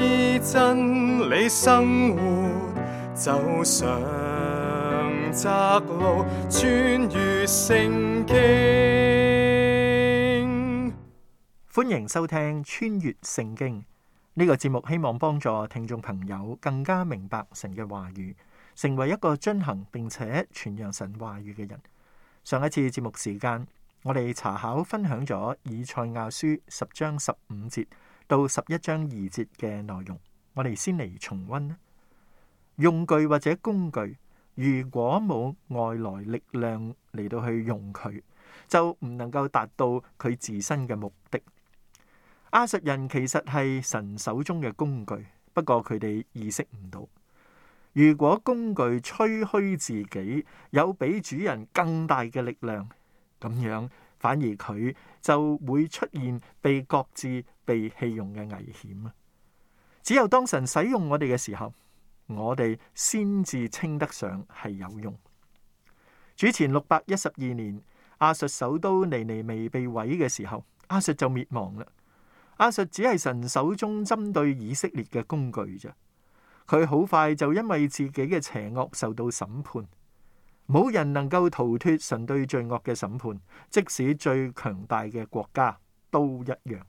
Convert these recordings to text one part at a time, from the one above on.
依真理生活，走上窄路，穿越聖經。歡迎收聽《穿越聖經》呢個節目，希望幫助聽眾朋友更加明白神嘅話語，成為一個遵行並且傳揚神話語嘅人。上一次節目時間，我哋查考分享咗以賽亞書十章十五節。到十一章二節嘅內容，我哋先嚟重溫。用具或者工具，如果冇外來力量嚟到去用佢，就唔能夠達到佢自身嘅目的。亞述人其實係神手中嘅工具，不過佢哋意識唔到。如果工具吹噓自己有比主人更大嘅力量，咁樣反而佢就會出現被擱置。被棄用嘅危險啊！只有當神使用我哋嘅時候，我哋先至稱得上係有用。主前六百一十二年，亞述首都尼尼微被毀嘅時候，亞述就滅亡啦。亞述只係神手中針對以色列嘅工具啫。佢好快就因為自己嘅邪惡受到審判，冇人能夠逃脱神對罪惡嘅審判，即使最強大嘅國家都一樣。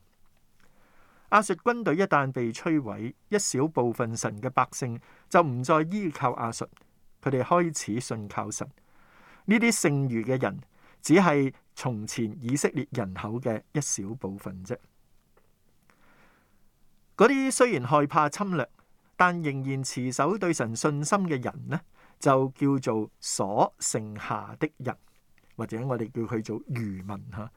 亞述軍隊一旦被摧毀，一小部分神嘅百姓就唔再依靠亞述，佢哋開始信靠神。呢啲剩餘嘅人，只係從前以色列人口嘅一小部分啫。嗰啲雖然害怕侵略，但仍然持守對神信心嘅人呢，就叫做所剩下的人，或者我哋叫佢做餘民吓。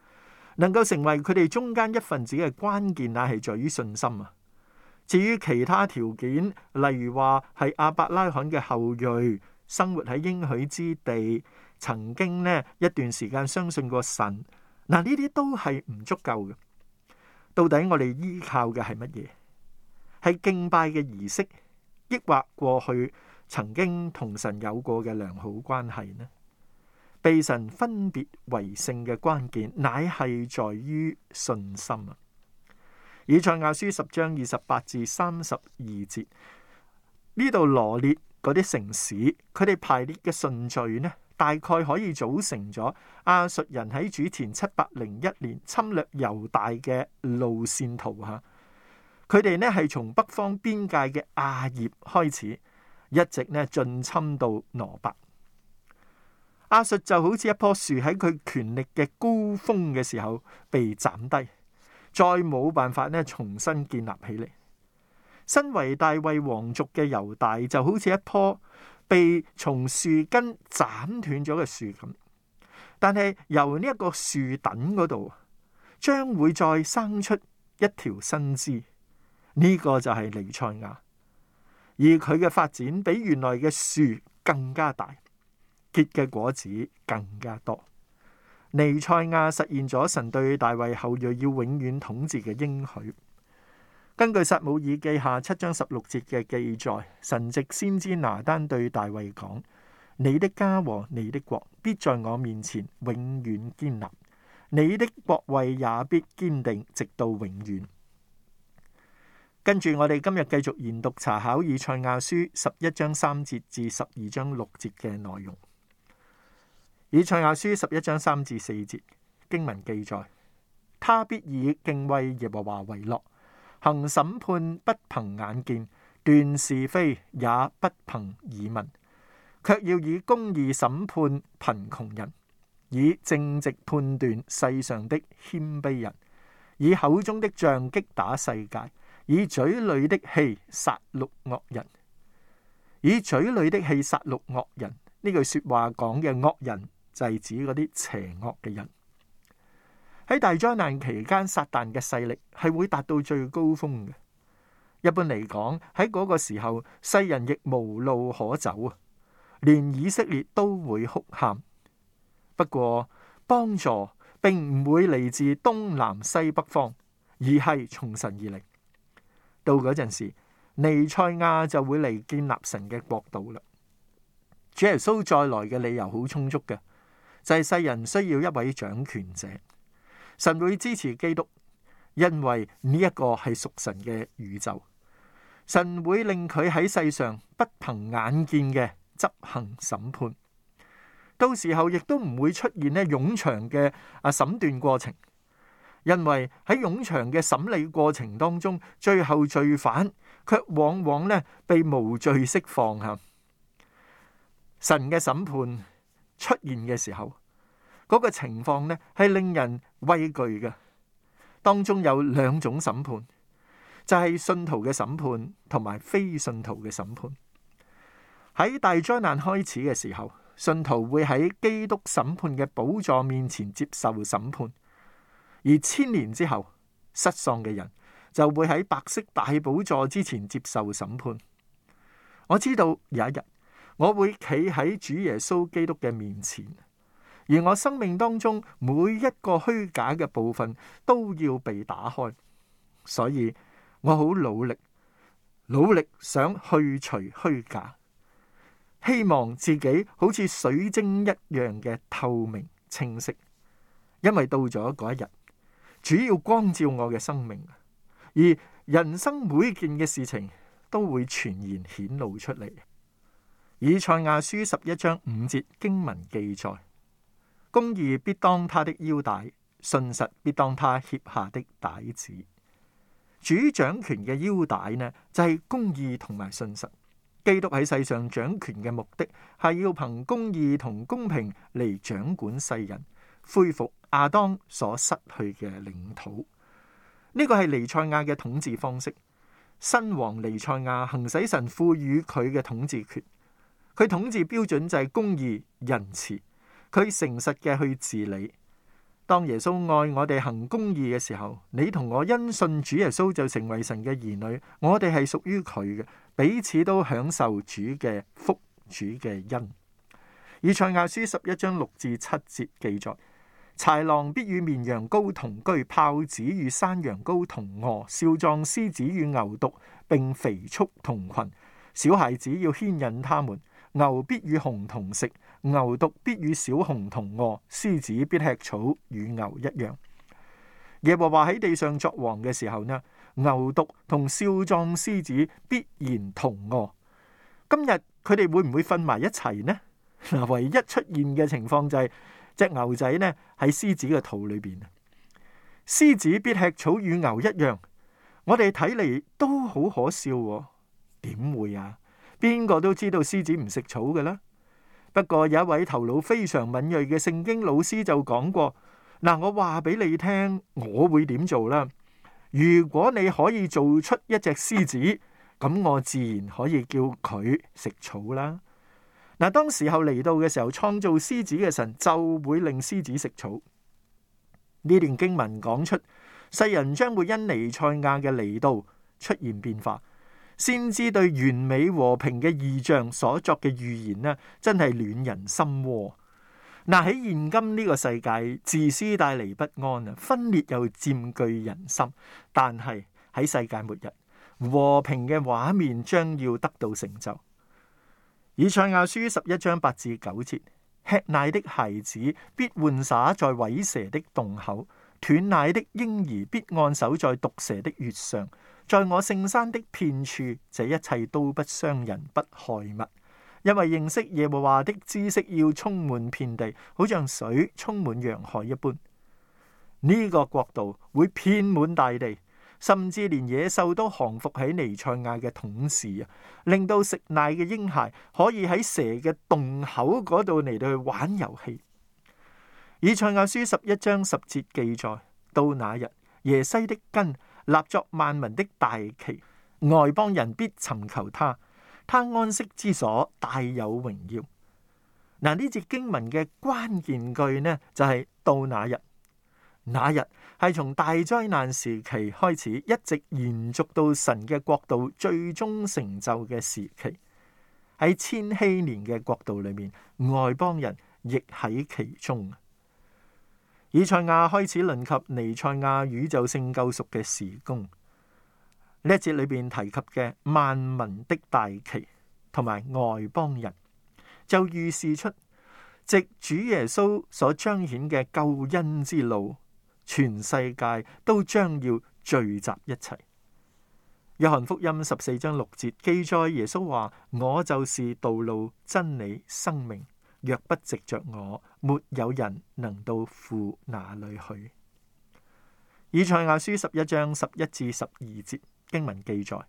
能夠成為佢哋中間一份子嘅關鍵，乃係在於信心啊！至於其他條件，例如話係阿伯拉罕嘅後裔，生活喺應許之地，曾經呢一段時間相信過神，嗱，呢啲都係唔足夠嘅。到底我哋依靠嘅係乜嘢？係敬拜嘅儀式，抑或過去曾經同神有過嘅良好關係呢？被神分別為聖嘅關鍵，乃係在於信心啊！以賽亞書十章二十八至三十二節，呢度羅列嗰啲城市，佢哋排列嘅順序呢，大概可以組成咗亞述人喺主前七百零一年侵略猶大嘅路線圖吓。佢哋呢係從北方邊界嘅亞葉開始，一直呢進侵到挪伯。阿述，就好似一棵樹喺佢權力嘅高峰嘅時候被斬低，再冇辦法咧重新建立起嚟。身為大衛王族嘅猶大就好似一棵被從樹根斬斷咗嘅樹咁，但係由呢一個樹頂嗰度，將會再生出一條新枝。呢、這個就係彌賽亞，而佢嘅發展比原來嘅樹更加大。結嘅果子更加多。彌賽亞實現咗神對大衛後裔要永遠統治嘅應許。根據撒母耳記下七章十六節嘅記載，神藉先知拿單對大衛講：「你的家和你的國必在我面前永遠堅立，你的國位也必堅定，直到永遠。」跟住我哋今日繼續研讀查考以賽亞書十一章三節至十二章六節嘅內容。以賽亞書十一章三至四節經文記載，他必以敬畏耶和華為樂，行審判不憑眼見，斷是非也不憑耳聞，却要以公義審判貧窮人，以正直判斷世上的謙卑人，以口中的杖擊打世界，以嘴裏的氣殺戮惡人，以嘴裏的氣殺戮惡人。呢句話說話講嘅惡人。就係指嗰啲邪惡嘅人，喺大災難期間，撒但嘅勢力係會達到最高峰嘅。一般嚟講，喺嗰個時候，世人亦無路可走啊，連以色列都會哭喊。不過，幫助並唔會嚟自東南西北方，而係從神而嚟。到嗰陣時，尼賽亞就會嚟建立神嘅國度啦。主耶穌再來嘅理由好充足嘅。就係世人需要一位掌權者，神會支持基督，因為呢一個係屬神嘅宇宙，神會令佢喺世上不憑眼見嘅執行審判，到時候亦都唔會出現呢冗長嘅啊審斷過程，因為喺冗長嘅審理過程當中，最後罪犯卻往往呢被無罪釋放吓，神嘅審判出現嘅時候，嗰個情況呢，係令人畏懼嘅。當中有兩種審判，就係信徒嘅審判同埋非信徒嘅審判。喺大災難開始嘅時候，信徒會喺基督審判嘅寶座面前接受審判；而千年之後，失喪嘅人就會喺白色大寶座之前接受審判。我知道有一日。我會企喺主耶穌基督嘅面前，而我生命當中每一個虛假嘅部分都要被打開，所以我好努力，努力想去除虛假，希望自己好似水晶一樣嘅透明清晰。因為到咗嗰一日，主要光照我嘅生命，而人生每件嘅事情都會全然顯露出嚟。以賽亞書十一章五節經文記載：公義必當他的腰帶，信實必當他脅下的帶子。主掌權嘅腰帶呢，就係、是、公義同埋信實。基督喺世上掌權嘅目的係要憑公義同公平嚟掌管世人，恢復亞當所失去嘅領土。呢個係彌賽亞嘅統治方式。新王彌賽亞行使神賦予佢嘅統治權。佢統治標準就係公義仁慈，佢誠實嘅去治理。當耶穌愛我哋行公義嘅時候，你同我因信主耶穌就成為神嘅兒女，我哋係屬於佢嘅，彼此都享受主嘅福、主嘅恩。以賽亞書十一章六至七節記載：豺狼必與綿羊羔同居，豹子與山羊羔同臥，少壯獅子與牛犢並肥畜同群，小孩子要牽引他們。牛必與熊同食，牛犢必與小熊同臥。獅子必吃草，與牛一樣。耶和華喺地上作王嘅時候呢，牛犢同少壯獅子必然同臥。今日佢哋會唔會瞓埋一齊呢？嗱，唯一出現嘅情況就係、是、隻牛仔呢喺獅子嘅肚裏邊。獅子必吃草，與牛一樣。我哋睇嚟，都好可笑，點會啊？邊個都知道獅子唔食草嘅啦，不過有一位頭腦非常敏銳嘅聖經老師就講過：嗱，我話俾你聽，我會點做啦？如果你可以做出一隻獅子，咁我自然可以叫佢食草啦。嗱，當時候嚟到嘅時候，創造獅子嘅神就會令獅子食草。呢段經文講出，世人將會因彌賽亞嘅嚟到出現變化。先知對完美和平嘅意象所作嘅預言呢，真係暖人心窩！嗱、啊，喺現今呢個世界，自私帶嚟不安啊，分裂又佔據人心。但係喺世界末日，和平嘅畫面將要得到成就。以賽亞書十一章八至九節：吃奶的孩子必玩耍在虺蛇的洞口，斷奶的嬰兒必按手在毒蛇的穴上。在我聖山的遍處，這一切都不傷人不害物，因為認識耶和華的知識要充滿遍地，好像水充滿洋海一般。呢個國度會遍滿大地，甚至連野獸都降服喺尼賽亞嘅統治啊！令到食奶嘅嬰孩可以喺蛇嘅洞口嗰度嚟到去玩遊戲。以賽亞書十一章十節記載：到那日，耶西的根。立作萬民的大旗，外邦人必尋求他，他安息之所，大有榮耀。嗱，呢節經文嘅關鍵句呢，就係到那日。那日係從大災難時期開始，一直延續到神嘅國度最終成就嘅時期。喺千禧年嘅國度裏面，外邦人亦喺其中。以賽亞開始論及彌賽亞宇宙性救贖嘅時功。呢一節裏邊提及嘅萬民的大旗同埋外邦人，就預示出藉主耶穌所彰顯嘅救恩之路，全世界都將要聚集一齊。約翰福音十四章六節記載耶穌話：我就是道路、真理、生命。若不藉着我，沒有人能到父那裡去。以賽亞書十一章十一至十二節經文記載：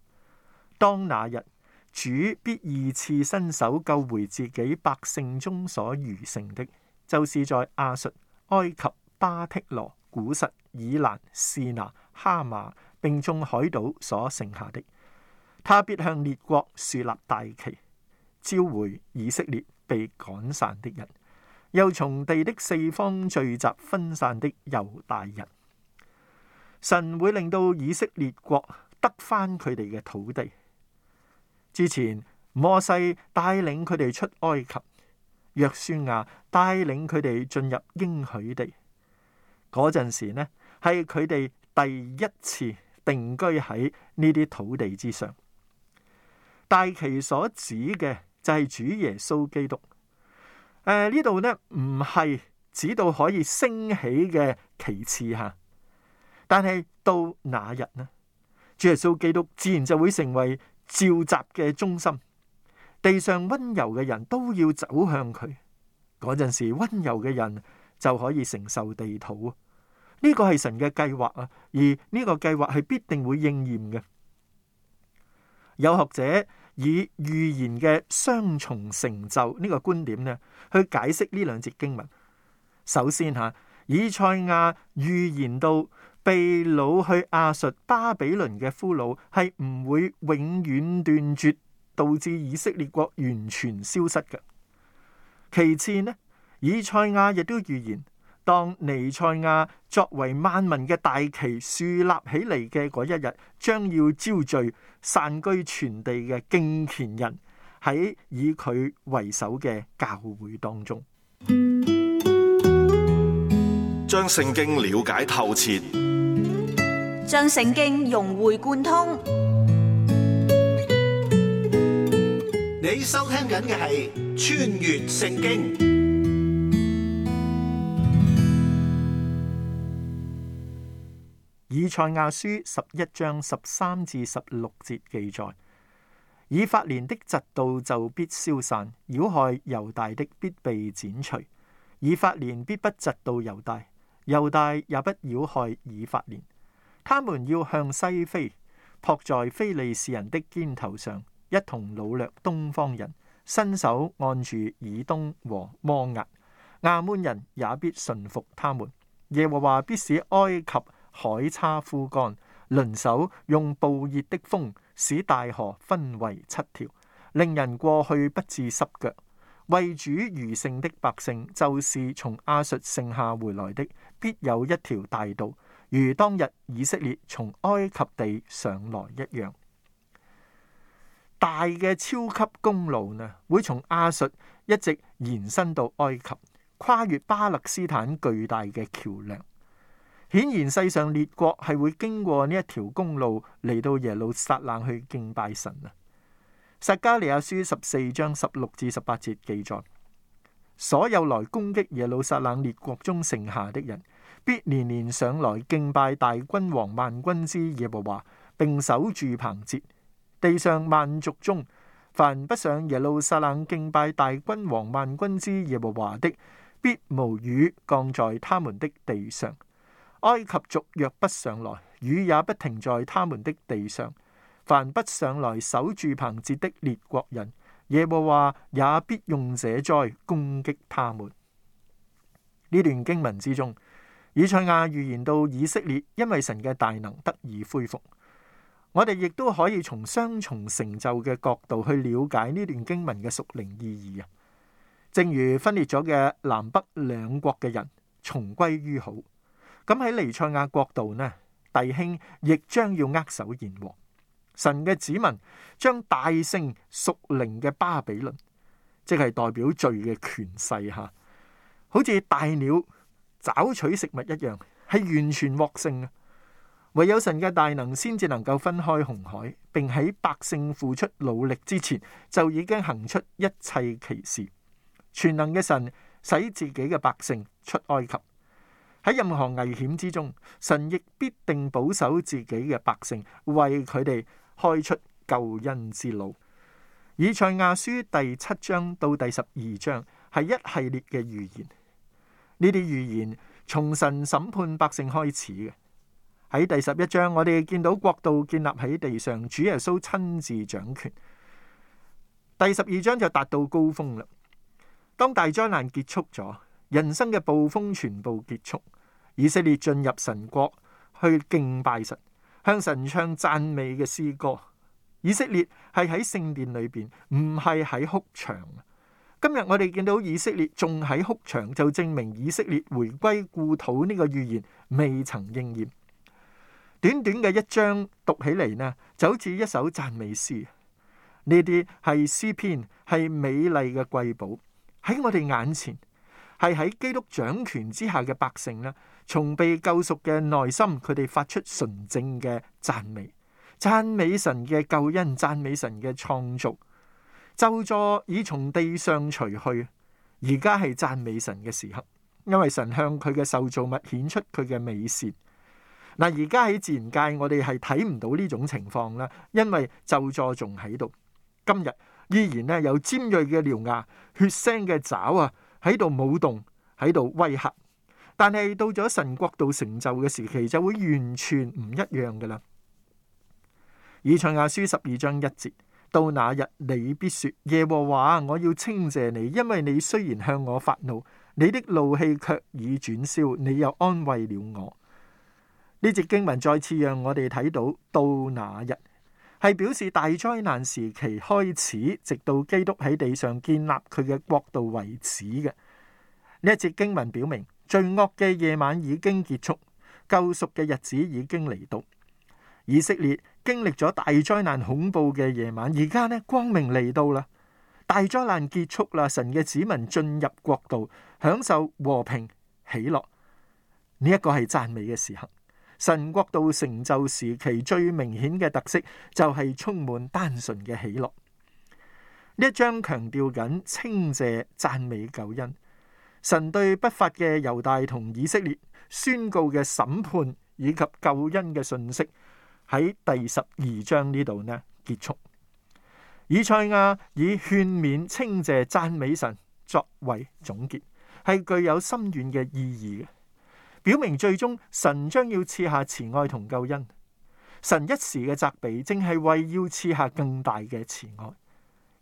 當那日主必二次伸手救回自己百姓中所餘剩的，就是在亞述、埃及、巴剔羅、古實、以蘭、士拿、哈馬并眾海島所剩下的。他必向列國豎立大旗，召回以色列。被趕散的人，又從地的四方聚集分散的猶大人，神會令到以色列國得返佢哋嘅土地。之前摩西帶領佢哋出埃及，約書亞帶領佢哋進入應許地。嗰陣時呢，係佢哋第一次定居喺呢啲土地之上。大旗所指嘅。就係主耶穌基督，誒呢度呢，唔係指到可以升起嘅旗幟吓，但係到那日呢，主耶穌基督自然就會成為召集嘅中心，地上溫柔嘅人都要走向佢，嗰陣時溫柔嘅人就可以承受地土啊。呢、這個係神嘅計劃啊，而呢個計劃係必定會應驗嘅。有學者。以預言嘅雙重成就呢個觀點呢，去解釋呢兩節經文。首先吓，以賽亞預言到被擄去亞述巴比倫嘅俘虜係唔會永遠斷絕，導致以色列國完全消失嘅。其次呢，以賽亞亦都預言。當彌賽亞作為萬民嘅大旗樹立起嚟嘅嗰一日，將要招聚散居全地嘅敬虔人喺以佢為首嘅教會當中，將聖經了解透徹，將聖經融會貫通。貫通。你收聽緊嘅係《穿越聖經》。以賽亞書十一章十三至十六節記載：以法蓮的嫉妒就必消散，擾害猶大的必被剪除；以法蓮必不嫉妒猶大，猶大也不擾害以法蓮。他們要向西飛，撲在非利士人的肩頭上，一同擄掠東方人，伸手按住以東和摩押。亞捫人也必順服他們。耶和華必使埃及。海叉枯乾，輪手用暴熱的風使大河分為七條，令人過去不致濕腳。為主餘剩的百姓，就是從亞述剩下回來的，必有一條大道，如當日以色列從埃及地上來一樣。大嘅超級公路呢，會從亞述一直延伸到埃及，跨越巴勒斯坦巨大嘅橋梁。顯然，世上列國係會經過呢一條公路嚟到耶路撒冷去敬拜神啊。撒加利亞書十四章十六至十八節記載：所有來攻擊耶路撒冷列國中剩下的人，必年年上來敬拜大君王萬軍之耶和華，並守住棚節。地上萬族中，凡不上耶路撒冷敬拜大君王萬軍之耶和華的，必無雨降在他們的地上。埃及族若不上來，雨也不停在他們的地上；凡不上來守住棚節的列國人，耶和華也必用這災攻擊他們。呢段經文之中，以賽亞預言到以色列因為神嘅大能得以恢復。我哋亦都可以從雙重成就嘅角度去了解呢段經文嘅屬靈意義啊。正如分裂咗嘅南北兩國嘅人重歸於好。咁喺尼塞亞國度呢，弟兄亦將要握手言和。神嘅子民將大勝屬靈嘅巴比倫，即係代表罪嘅權勢吓，好似大鳥找取食物一樣，係完全獲勝啊！唯有神嘅大能先至能夠分開紅海，並喺百姓付出努力之前就已經行出一切奇事。全能嘅神使自己嘅百姓出埃及。喺任何危險之中，神亦必定保守自己嘅百姓，為佢哋開出救恩之路。以賽亞書第七章到第十二章係一系列嘅預言，呢啲預言從神審判百姓開始嘅。喺第十一章，我哋見到國度建立喺地上，主耶穌親自掌權。第十二章就達到高峰啦。當大災難結束咗。人生嘅暴風全部結束，以色列進入神國去敬拜神，向神唱讚美嘅詩歌。以色列係喺聖殿裏邊，唔係喺哭牆。今日我哋見到以色列仲喺哭牆，就證明以色列回歸故土呢個預言未曾應驗。短短嘅一章讀起嚟呢，就好似一首讚美詩。呢啲係詩篇，係美麗嘅瑰寶，喺我哋眼前。係喺基督掌權之下嘅百姓咧，從被救贖嘅內心，佢哋發出純正嘅讚美，讚美神嘅救恩，讚美神嘅創造。咒詛已從地上除去，而家係讚美神嘅時刻，因為神向佢嘅受造物顯出佢嘅美善。嗱，而家喺自然界，我哋係睇唔到呢種情況啦，因為咒詛仲喺度，今日依然咧有尖銳嘅獠牙、血腥嘅爪啊。喺度舞動，喺度威嚇，但係到咗神國度成就嘅時期，就會完全唔一樣噶啦。以賽亞書十二章一節：到那日，你必說耶和華，我要稱謝你，因為你雖然向我發怒，你的怒氣卻已轉消，你又安慰了我。呢節經文再次讓我哋睇到到那日，係表示大災難時期開始，直到基督喺地上建立佢嘅國度為止嘅。呢一節經文表明，最惡嘅夜晚已經結束，救贖嘅日子已經嚟到。以色列經歷咗大災難、恐怖嘅夜晚，而家呢，光明嚟到啦，大災難結束啦，神嘅子民進入國度，享受和平喜樂。呢、這、一個係讚美嘅時刻。神國度成就時期最明顯嘅特色就係充滿單純嘅喜樂。呢一章強調緊稱謝、讚美、救恩。神對不法嘅猶大同以色列宣告嘅審判以及救恩嘅訊息，喺第十二章呢度呢，結束。以賽亞以勸勉、稱謝、讚美神作為總結，係具有深遠嘅意義嘅。表明最終神將要賜下慈愛同救恩，神一時嘅責備正係為要賜下更大嘅慈愛。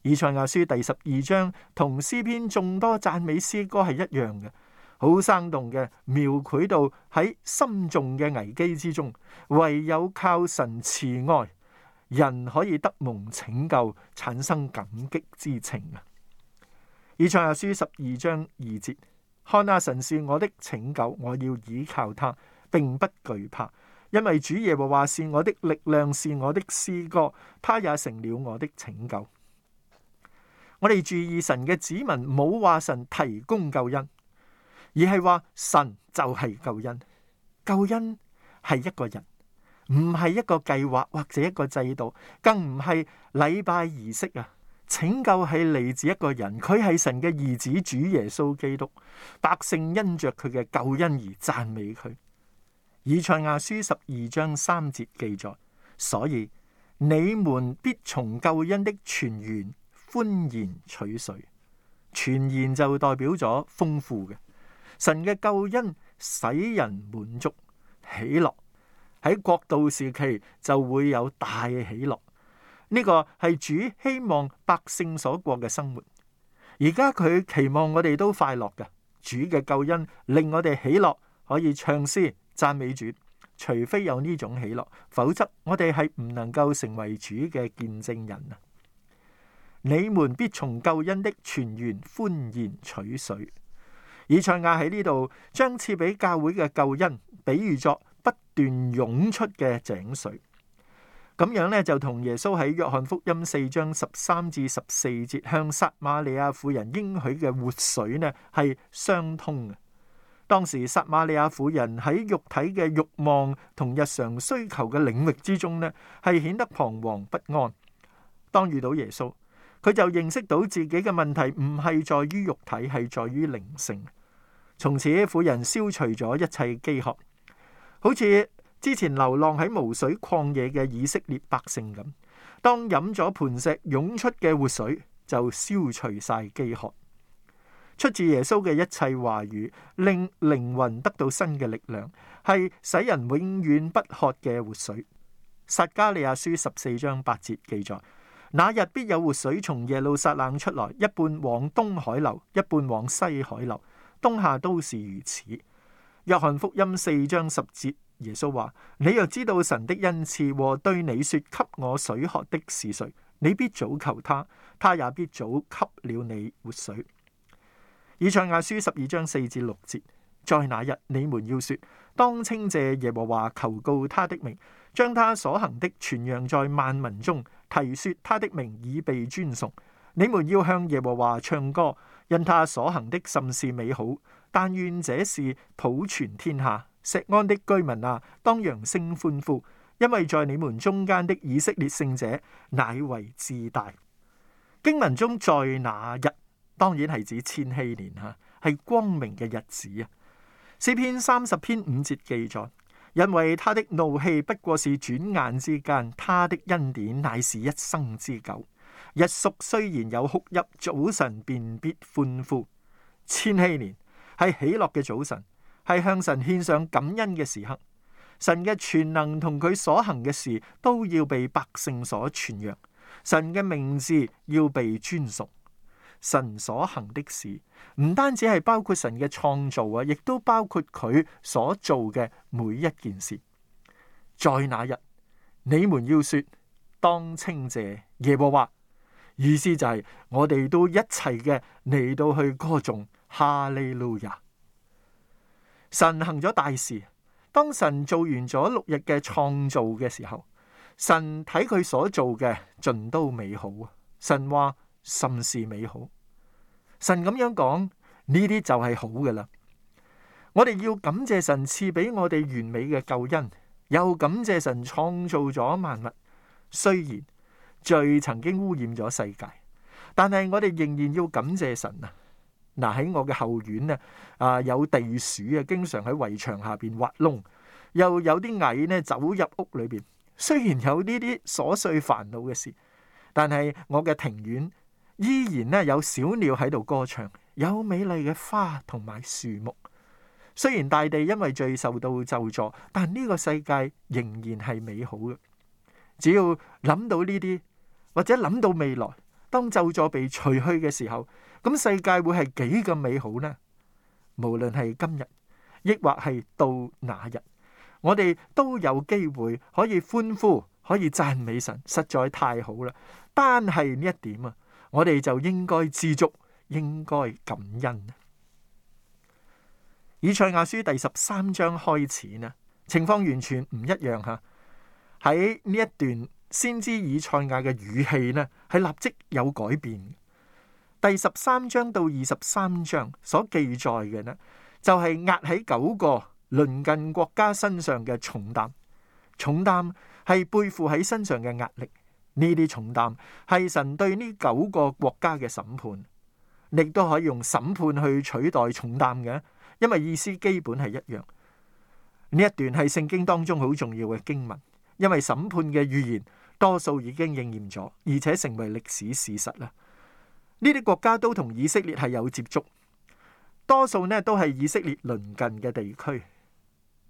以賽亞書第十二章同詩篇眾多讚美詩歌係一樣嘅，好生動嘅描繪到喺深重嘅危機之中，唯有靠神慈愛，人可以得蒙拯救，產生感激之情。以賽亞書十二章二節。看哪，神是我的拯救，我要倚靠他，並不懼怕，因為主耶和華是我的力量，是我的詩歌，他也成了我的拯救。我哋注意，神嘅子民冇話神提供救恩，而係話神就係救恩。救恩係一個人，唔係一個計劃或者一個制度，更唔係禮拜儀式啊！拯救係嚟自一個人，佢係神嘅兒子主耶穌基督，百姓因着佢嘅救恩而讚美佢。以賽亞書十二章三節記載，所以你們必從救恩的泉源歡然取水，泉源就代表咗豐富嘅神嘅救恩，使人滿足喜樂。喺國度時期就會有大喜樂。呢個係主希望百姓所過嘅生活，而家佢期望我哋都快樂㗎。主嘅救恩令我哋喜樂，可以唱詩讚美主。除非有呢種喜樂，否則我哋係唔能夠成為主嘅見證人啊！你們必從救恩的泉源歡然取水。以賽亞喺呢度將賜俾教會嘅救恩，比喻作不斷湧出嘅井水。咁樣咧，就同耶穌喺約翰福音四章十三至十四節向撒瑪利亞婦人應許嘅活水呢，係相通嘅。當時撒瑪利亞婦人喺肉體嘅欲望同日常需求嘅領域之中呢，係顯得彷徨不安。當遇到耶穌，佢就認識到自己嘅問題唔係在於肉體，係在於靈性。從此婦人消除咗一切飢渴，好似。之前流浪喺無水曠野嘅以色列百姓咁，當飲咗磐石湧出嘅活水，就消除晒飢渴。出自耶穌嘅一切話語，令靈魂得到新嘅力量，係使人永遠不渴嘅活水。撒加利亞書十四章八節記載：那日必有活水從耶路撒冷出來，一半往東海流，一半往西海流，冬夏都是如此。約翰福音四章十節。耶穌話：你若知道神的恩賜和對你說給我水喝的是誰，你必早求他，他也必早給了你活水。以賽亞書十二章四至六節：在那日你們要說，當稱謝耶和華，求告他的名，將他所行的傳揚在萬民中，提說他的名已被尊崇。你們要向耶和華唱歌，因他所行的甚是美好，但願這事普傳天下。錫安的居民啊，當揚聲歡呼，因為在你們中間的以色列聖者乃為至大。經文中在那日，當然係指千禧年吓、啊，係光明嘅日子啊。詩篇三十篇五節記載，因為他的怒氣不過是轉眼之間，他的恩典乃是一生之久。一宿雖然有哭泣，早晨便必歡呼。千禧年係喜樂嘅早晨。係向神獻上感恩嘅時刻，神嘅全能同佢所行嘅事都要被百姓所傳揚，神嘅名字要被尊崇，神所行的事唔單止係包括神嘅創造啊，亦都包括佢所做嘅每一件事。在那日，你們要說，當稱謝耶和華，意思就係、是、我哋都一齊嘅嚟到去歌頌哈利路亞。Hallelujah！神行咗大事，當神做完咗六日嘅創造嘅時候，神睇佢所做嘅盡都美好啊！神話甚是美好，神咁樣講，呢啲就係好㗎喇。我哋要感謝神，賜俾我哋完美嘅救恩，又感謝神創造咗萬物。雖然罪曾經污染咗世界，但係我哋仍然要感謝神啊！嗱喺、啊、我嘅後院咧，啊有地鼠啊，經常喺圍牆下邊挖窿，又有啲蟻咧走入屋裏邊。雖然有呢啲瑣碎煩惱嘅事，但係我嘅庭院依然咧有小鳥喺度歌唱，有美麗嘅花同埋樹木。雖然大地因為罪受到咒詛，但呢個世界仍然係美好嘅。只要諗到呢啲，或者諗到未來，當咒詛被除去嘅時候。咁世界會係幾咁美好呢？無論係今日，抑或係到那日，我哋都有機會可以歡呼，可以讚美神，實在太好啦！但係呢一點啊，我哋就應該知足，應該感恩。以賽亞書第十三章開始呢，情況完全唔一樣吓。喺呢一段先知以賽亞嘅語氣呢，係立即有改變。第十三章到二十三章所記載嘅呢，就係壓喺九個鄰近國家身上嘅重擔，重擔係背負喺身上嘅壓力。呢啲重擔係神對呢九個國家嘅審判，亦都可以用審判去取代重擔嘅，因為意思基本係一樣。呢一段係聖經當中好重要嘅經文，因為審判嘅預言多數已經應驗咗，而且成為歷史事實啦。呢啲國家都同以色列係有接觸，多數呢都係以色列鄰近嘅地區。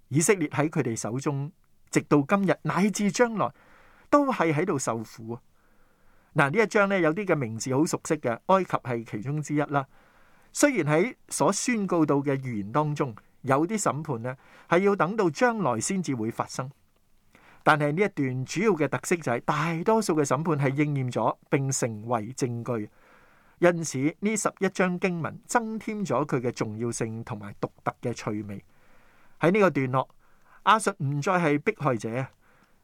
以色列喺佢哋手中，直到今日乃至將來都係喺度受苦啊！嗱，呢一章呢，有啲嘅名字好熟悉嘅，埃及係其中之一啦。雖然喺所宣告到嘅預言當中，有啲審判呢係要等到將來先至會發生，但係呢一段主要嘅特色就係大多數嘅審判係應驗咗，並成為證據。因此，呢十一章經文增添咗佢嘅重要性同埋獨特嘅趣味。喺呢個段落，亞述唔再係迫害者，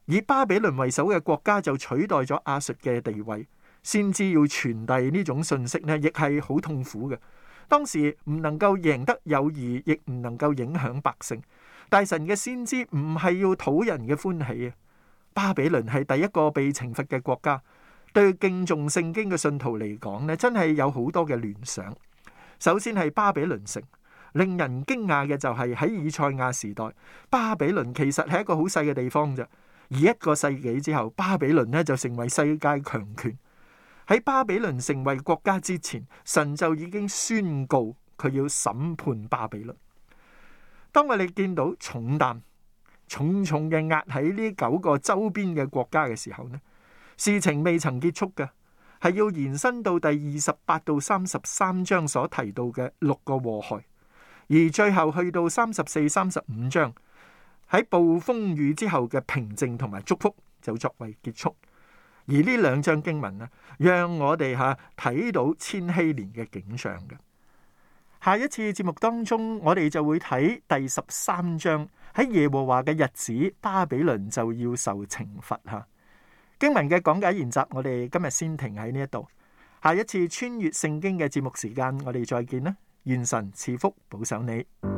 以巴比倫為首嘅國家就取代咗亞述嘅地位。先知要傳遞呢種信息呢，亦係好痛苦嘅。當時唔能夠贏得友誼，亦唔能夠影響百姓。大神嘅先知唔係要討人嘅歡喜啊！巴比倫係第一個被懲罰嘅國家。對敬重聖經嘅信徒嚟講咧，真係有好多嘅聯想。首先係巴比倫城，令人驚訝嘅就係喺以賽亞時代，巴比倫其實係一個好細嘅地方啫。而一個世紀之後，巴比倫呢就成為世界強權。喺巴比倫成為國家之前，神就已經宣告佢要審判巴比倫。當我哋見到重擔、重重嘅壓喺呢九個週邊嘅國家嘅時候呢，事情未曾結束嘅，係要延伸到第二十八到三十三章所提到嘅六個禍害，而最後去到三十四、三十五章，喺暴風雨之後嘅平靜同埋祝福就作為結束。而呢兩章經文啊，讓我哋吓睇到千禧年嘅景象嘅。下一次節目當中，我哋就會睇第十三章，喺耶和華嘅日子，巴比倫就要受懲罰吓。經文嘅講解研習，我哋今日先停喺呢一度。下一次穿越聖經嘅節目時間，我哋再見啦！願神賜福保守你。